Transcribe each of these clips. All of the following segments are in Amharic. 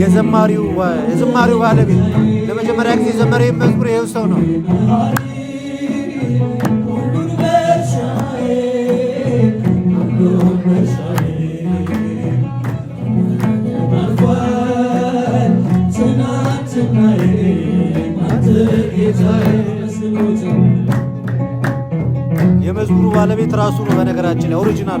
የዘማሪው የዘማሪው ባለቤት ለመጀመሪያ ጊዜ ዘመረ መዝሙር ይኸው ሰው ነው። የመዝሙሩ ባለቤት ራሱ ነው። በነገራችን ላይ ኦሪጂናሉ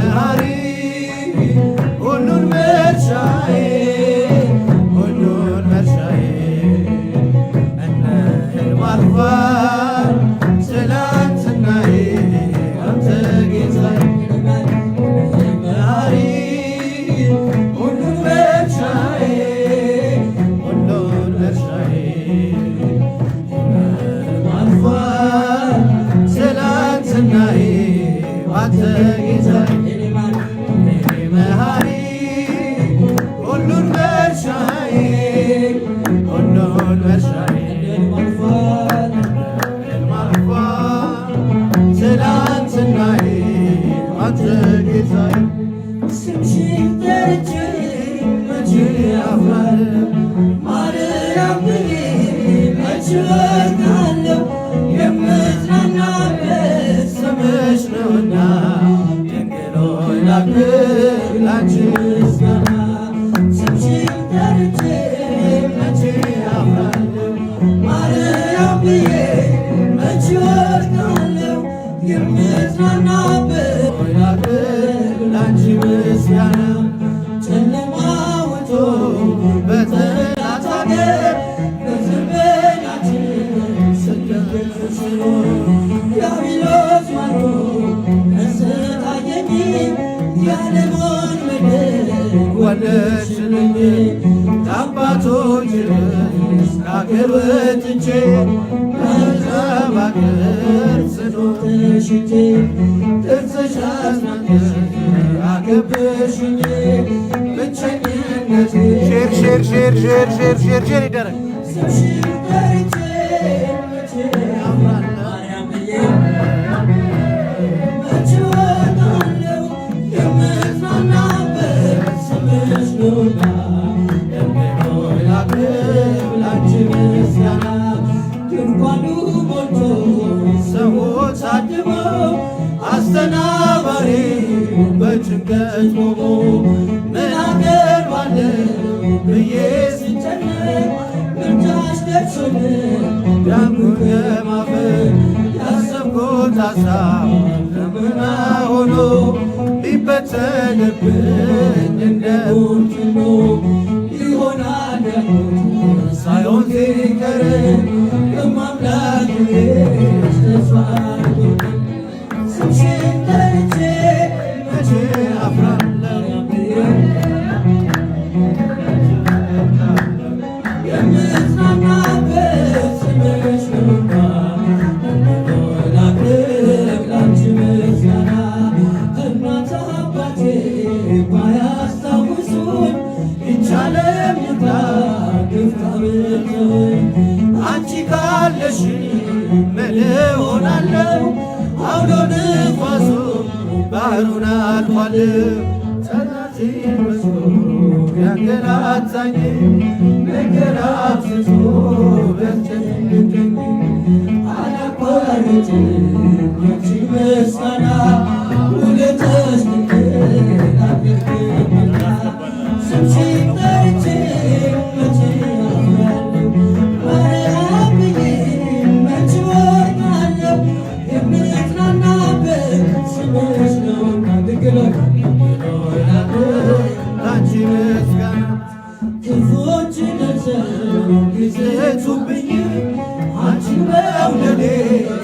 Hari. ወጥቼ መርከብ አገር ጽኖ ሼር ሼር ሼር ሼር ሼር ሼር ይደረግ ሐሳብ ለምን ሆኖ ሊበተንብኝ እንደ ሁሉ ይሆናል ሳይሆን ሲቀር የማምላክ ተስፋ ተሰናቷል ጸናጽዬ ያንገላታኝ ያንቺ ምስጋና ውለታሽ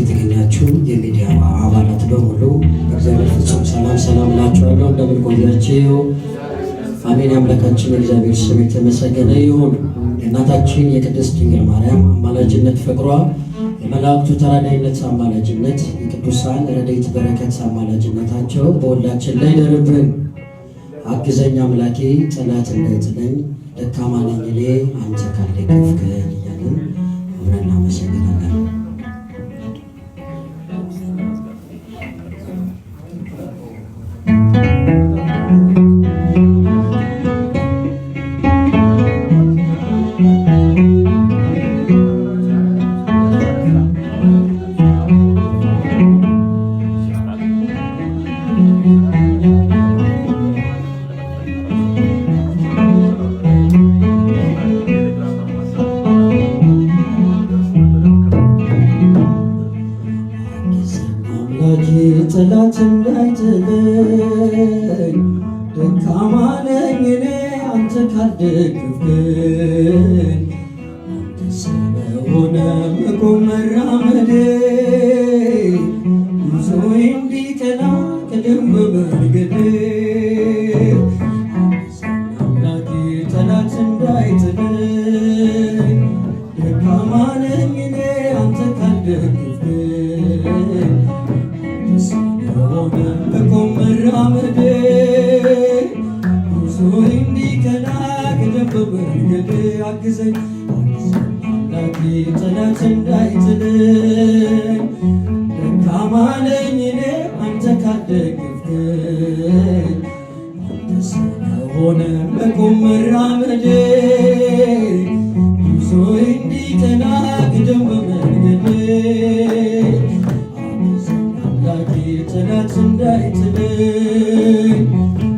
የተገኛችሁ የሚዲያ አባላት በሙሉ በእግዚአብሔር ሰላም ሰላም እላችኋለሁ። እንደምን ቆያችሁ? አሜን። አምላካችን እግዚአብሔር ስም የተመሰገነ ይሁን። የእናታችን የቅድስት ድንግል ማርያም አማላጅነት፣ ፍቅሯ፣ የመላእክቱ ተራዳይነት አማላጅነት ቅዱሳን ረድኤት በረከት አማላጅነታቸው በሁላችን ላይ ደርብን። አግዘኝ አምላኬ ጠላትነት ነኝ ደካማ ነኝ እኔ አንተ ካለ ከፍከኝ እያለን አብረን እናመሰግናለን። ማነኝ እኔ አንተ ካልደገፍከኝ ስለሆነ ብቆም መራመዴ ጉዞ እንዲቀና ገደብ በመንገዴ አግዘኝ አምላኬ ጠላት እንዳይጥለኝ ደካማ ነኝ እኔ አንተ ካልደገፍከኝ ስለሆነ ብቆም መራመዴ አምላኬ ጥረት እንዳይጥልኝ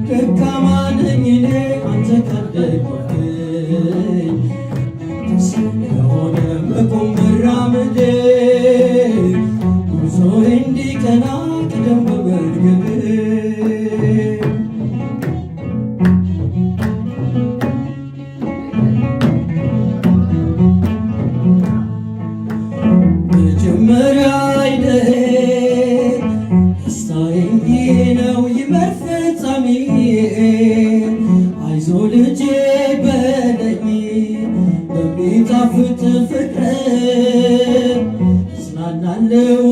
ደካማ ነኝ እኔ አንተ እንዲህ ነው ይመር ፍጻሜ አይዞ ልጄ በለኝ በሚጣፍጥ ፍቅር እጽናናለሁ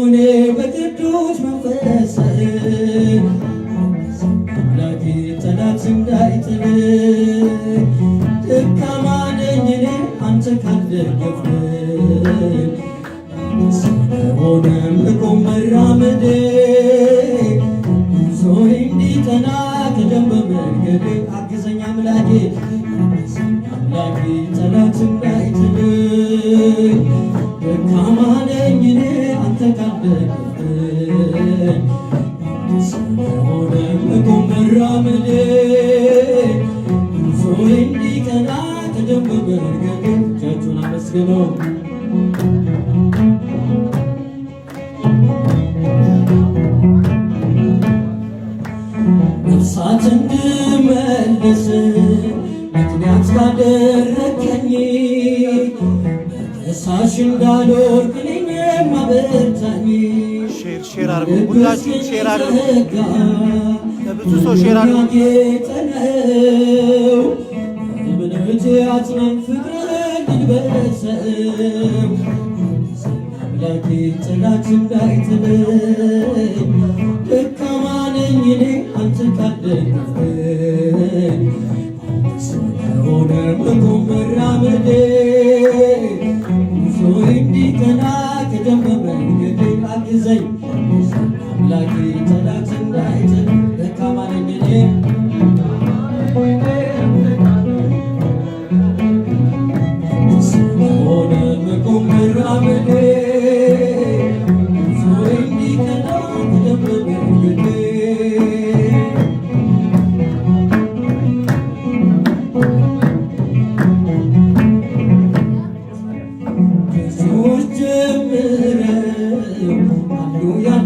你。አንተ ያደረከኝ በፈሳሽ እንዳልወድቅ ነኝ ማበረታኝ ሼር አድርጉ፣ ሁላችሁም ሼር አድርጉ። ለብዙ ሰው ሼር አድርጉ። ጌጠነው እምነት አጽናን ፍቅር ግንበሰው አምላኬ ጥላት እንዳይጥለኝ ደካማ ነኝ እኔ አንተ ካደነኝ ഉണർന്നു രാമന്റെ 용양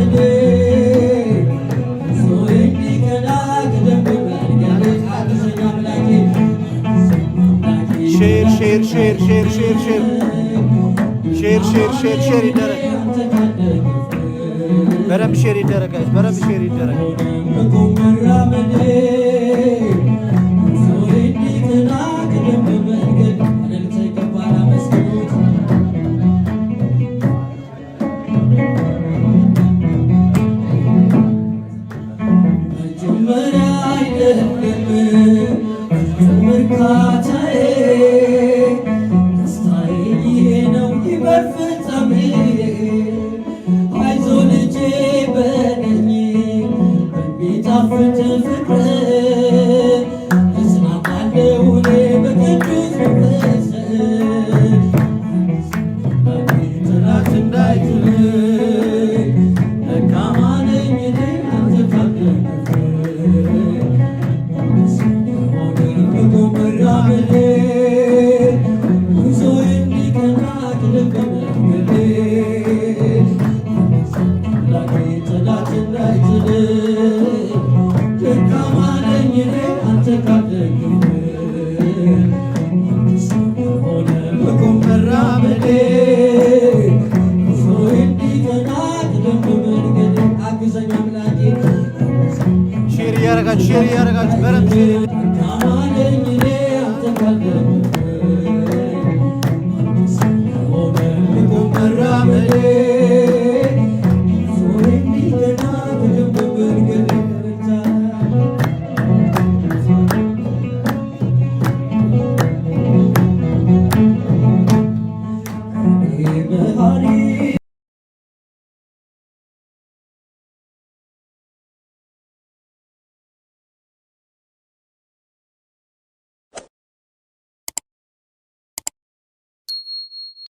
ሼር ይደረግ በደንብ ሼር ይደረጋል። በደንብ ሼር ይደረግ ምን አይደለም እርካታዬ